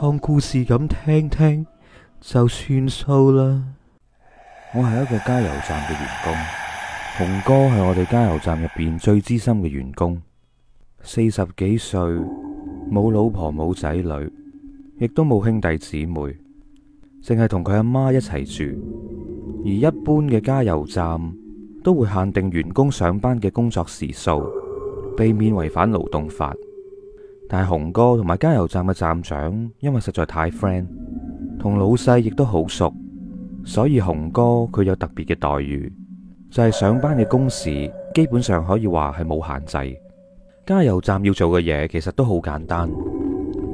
當故事咁聽聽就算數啦。我係一個加油站嘅員工，洪哥係我哋加油站入邊最資深嘅員工，四十幾歲，冇老婆冇仔女，亦都冇兄弟姊妹，淨係同佢阿媽一齊住。而一般嘅加油站都會限定員工上班嘅工作時數，避免違反勞動法。但係洪哥同埋加油站嘅站長，因為實在太 friend，同老細亦都好熟，所以洪哥佢有特別嘅待遇，就係上班嘅工時基本上可以話係冇限制。加油站要做嘅嘢其實都好簡單，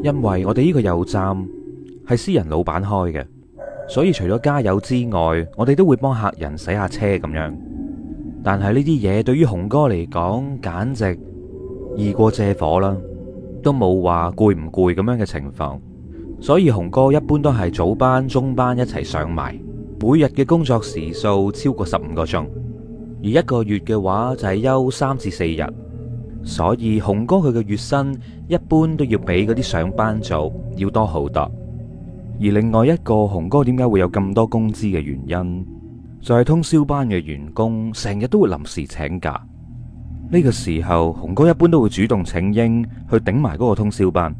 因為我哋呢個油站係私人老闆開嘅，所以除咗加油之外，我哋都會幫客人洗下車咁樣。但係呢啲嘢對於洪哥嚟講，簡直易過借火啦。都冇話攰唔攰咁樣嘅情況，所以紅哥一般都係早班、中班一齊上埋，每日嘅工作時數超過十五個鐘，而一個月嘅話就係休三至四日，所以紅哥佢嘅月薪一般都要比嗰啲上班族要多好多。而另外一個紅哥點解會有咁多工資嘅原因，就係通宵班嘅員工成日都會臨時請假。呢個時候，紅哥一般都會主動請纓去頂埋嗰個通宵班。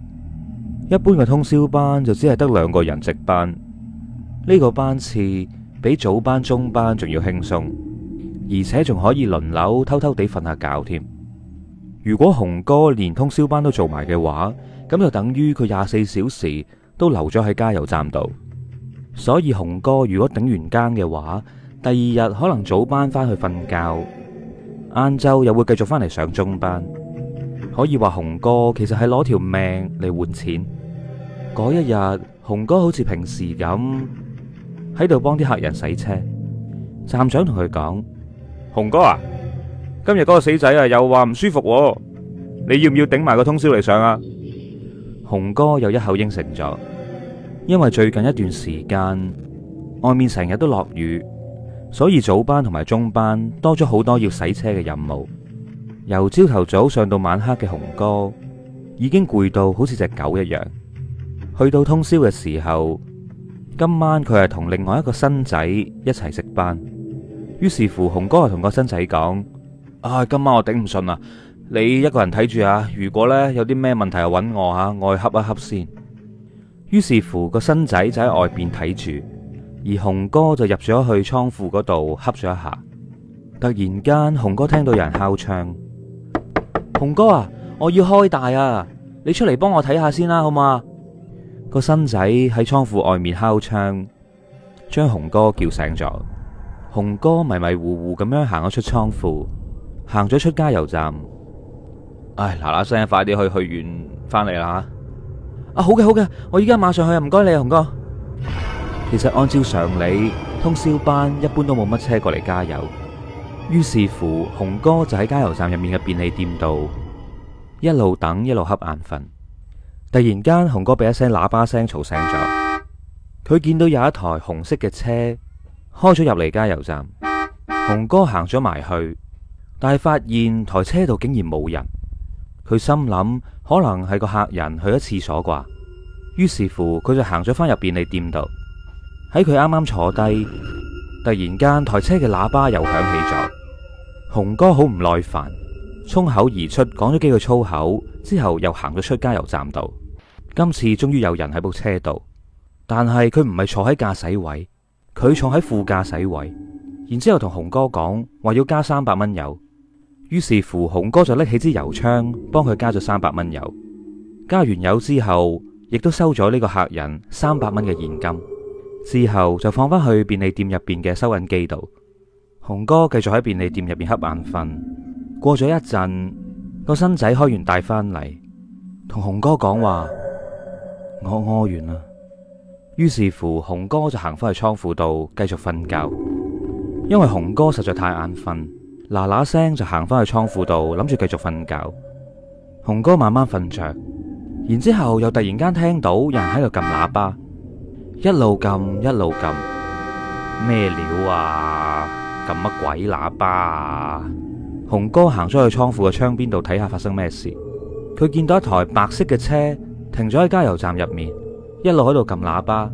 一般嘅通宵班就只係得兩個人值班，呢個班次比早班、中班仲要輕鬆，而且仲可以輪流偷偷地瞓下覺添。如果紅哥連通宵班都做埋嘅話，咁就等於佢廿四小時都留咗喺加油站度。所以紅哥如果頂完更嘅話，第二日可能早班翻去瞓覺。晏晝又會繼續翻嚟上中班，可以話洪哥其實係攞條命嚟換錢。嗰一日，洪哥好似平時咁喺度幫啲客人洗車，站長同佢講：洪哥啊，今日嗰個死仔啊又話唔舒服啊，你要唔要頂埋個通宵嚟上啊？洪哥又一口應承咗，因為最近一段時間外面成日都落雨。所以早班同埋中班多咗好多要洗車嘅任務，由朝頭早上，上到晚黑嘅洪哥已經攰到好似隻狗一樣。去到通宵嘅時候，今晚佢係同另外一個新仔一齊值班。於是乎，洪哥同個新仔講：啊、哎，今晚我頂唔順啦，你一個人睇住啊。如果呢有啲咩問題就揾我吓，我去恰一恰先。於是乎，個新仔就喺外邊睇住。而雄哥就入咗去倉庫嗰度，恰咗一下。突然間，雄哥聽到有人敲窗。雄哥啊，我要開大啊！你出嚟幫我睇下先啦，好嘛？個新仔喺倉庫外面敲窗，將雄哥叫醒咗。雄哥迷迷糊糊咁樣行咗出倉庫，行咗出加油站。唉，嗱嗱聲，快啲去，去完翻嚟啦！啊，好嘅好嘅，我依家馬上去，唔該你啊，雄哥。其實按照常理，通宵班一般都冇乜車過嚟加油。於是乎，紅哥就喺加油站入面嘅便利店度一路等，一路瞌眼瞓。突然間，紅哥俾一聲喇叭聲吵醒咗。佢見到有一台紅色嘅車開咗入嚟加油站，紅哥行咗埋去，但係發現台車度竟然冇人。佢心諗可能係個客人去咗廁所啩。於是乎，佢就行咗返入便利店度。喺佢啱啱坐低，突然間台車嘅喇叭又響起咗。洪哥好唔耐煩，衝口而出講咗幾句粗口，之後又行咗出加油站度。今次終於有人喺部車度，但係佢唔係坐喺駕駛位，佢坐喺副駕駛位。然之後同洪哥講話要加三百蚊油，於是乎洪哥就拎起支油槍幫佢加咗三百蚊油。加完油之後，亦都收咗呢個客人三百蚊嘅現金。之後就放返去便利店入邊嘅收銀機度。洪哥繼續喺便利店入邊瞌眼瞓。過咗一陣，個新仔開完帶翻嚟，同洪哥講話：我屙完啦。於是乎，洪哥就行返去倉庫度繼續瞓覺。因為洪哥實在太眼瞓，嗱嗱聲就行翻去倉庫度諗住繼續瞓覺。洪哥慢慢瞓着，然之後又突然間聽到有人喺度撳喇叭。一路撳，一路撳，咩料啊？撳乜鬼喇叭？洪哥行咗去倉庫嘅窗邊度睇下發生咩事。佢見到一台白色嘅車停咗喺加油站入面，一路喺度撳喇叭，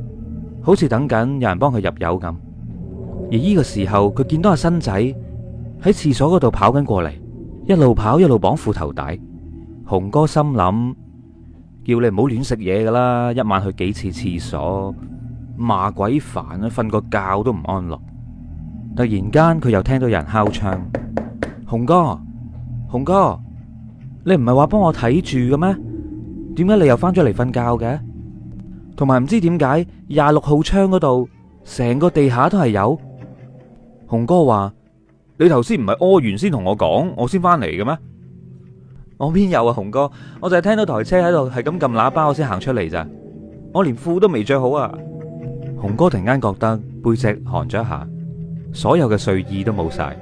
好似等緊有人幫佢入油咁。而呢個時候，佢見到阿新仔喺厠所嗰度跑緊過嚟，一路跑一路綁褲頭帶。洪哥心諗。叫你唔好亂食嘢噶啦，一晚去幾次廁所，罵鬼煩啊！瞓個覺都唔安樂。突然間佢又聽到有人敲窗，紅哥，紅哥，你唔係話幫我睇住嘅咩？點解你又翻咗嚟瞓覺嘅？同埋唔知點解廿六號窗嗰度，成個地下都係油。紅哥話：你頭先唔係屙完先同我講，我先翻嚟嘅咩？我邊有啊，紅哥，我就係聽到台車喺度係咁撳喇叭，我先行出嚟咋，我連褲都未着好啊。紅哥突然間覺得背脊寒咗一下，所有嘅睡意都冇晒。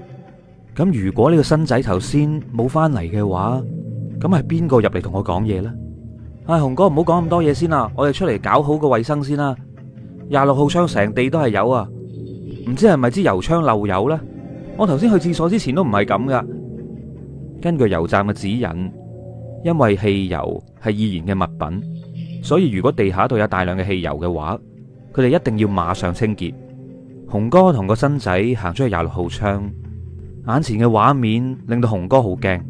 咁如果呢個新仔頭先冇翻嚟嘅話，咁係邊個入嚟同我講嘢呢？唉、哎，紅哥唔好講咁多嘢先啦，我哋出嚟搞好個衛生先啦。廿六號槍成地都係油啊，唔知係咪支油槍漏油呢？我頭先去廁所之前都唔係咁噶。根據油站嘅指引，因為汽油係易燃嘅物品，所以如果地下度有大量嘅汽油嘅話，佢哋一定要馬上清潔。洪哥同個新仔行出去廿六號窗，眼前嘅畫面令到洪哥好驚，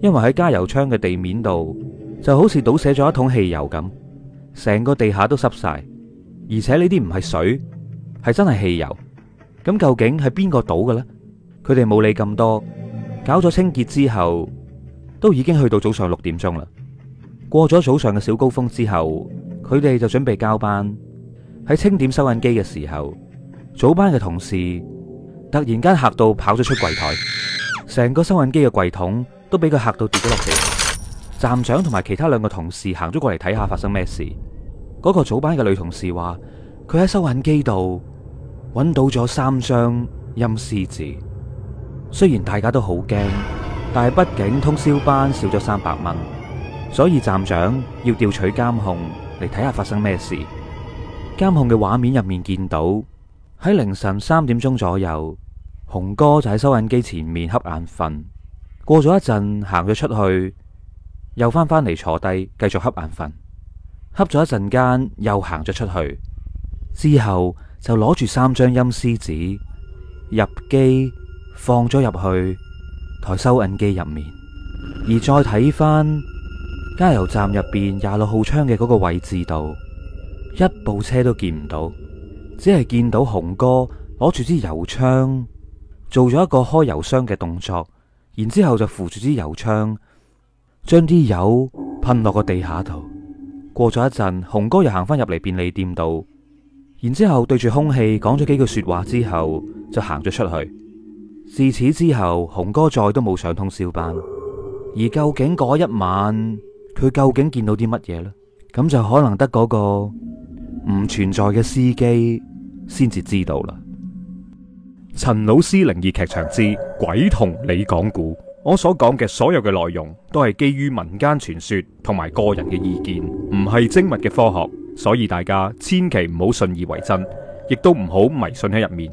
因為喺加油窗嘅地面度就好似倒瀉咗一桶汽油咁，成個地下都濕晒，而且呢啲唔係水，係真係汽油。咁究竟係邊個倒嘅呢？佢哋冇理咁多。搞咗清潔之後，都已經去到早上六點鐘啦。過咗早上嘅小高峰之後，佢哋就準備交班。喺清點收銀機嘅時候，早班嘅同事突然間嚇到跑咗出櫃台，成個收銀機嘅櫃桶都俾佢嚇到跌咗落地。站長同埋其他兩個同事行咗過嚟睇下發生咩事。嗰個早班嘅女同事話，佢喺收銀機度揾到咗三張陰司字。雖然大家都好驚，但係畢竟通宵班少咗三百蚊，所以站長要調取監控嚟睇下發生咩事。監控嘅畫面入面見到喺凌晨三點鐘左右，洪哥就喺收銀機前面瞌眼瞓。過咗一陣，行咗出去，又翻返嚟坐低繼續瞌眼瞓。瞌咗一陣間，又行咗出去之後就，就攞住三張陰司紙入機。放咗入去台收銀機入面，而再睇翻加油站入邊廿六號窗嘅嗰個位置度，一部車都見唔到，只係見到洪哥攞住支油槍，做咗一個開油箱嘅動作，然之後就扶住支油槍，將啲油噴落個地下度。過咗一陣，洪哥又行翻入嚟便利店度，然之後對住空氣講咗幾句說話之後，就行咗出去。自此之後，洪哥再都冇上通宵班。而究竟嗰一晚，佢究竟見到啲乜嘢呢？咁就可能得嗰個唔存在嘅司機先至知道啦。陳老師靈異劇場之鬼同你講古」，我所講嘅所有嘅內容都係基於民間傳說同埋個人嘅意見，唔係精密嘅科學，所以大家千祈唔好信以為真，亦都唔好迷信喺入面。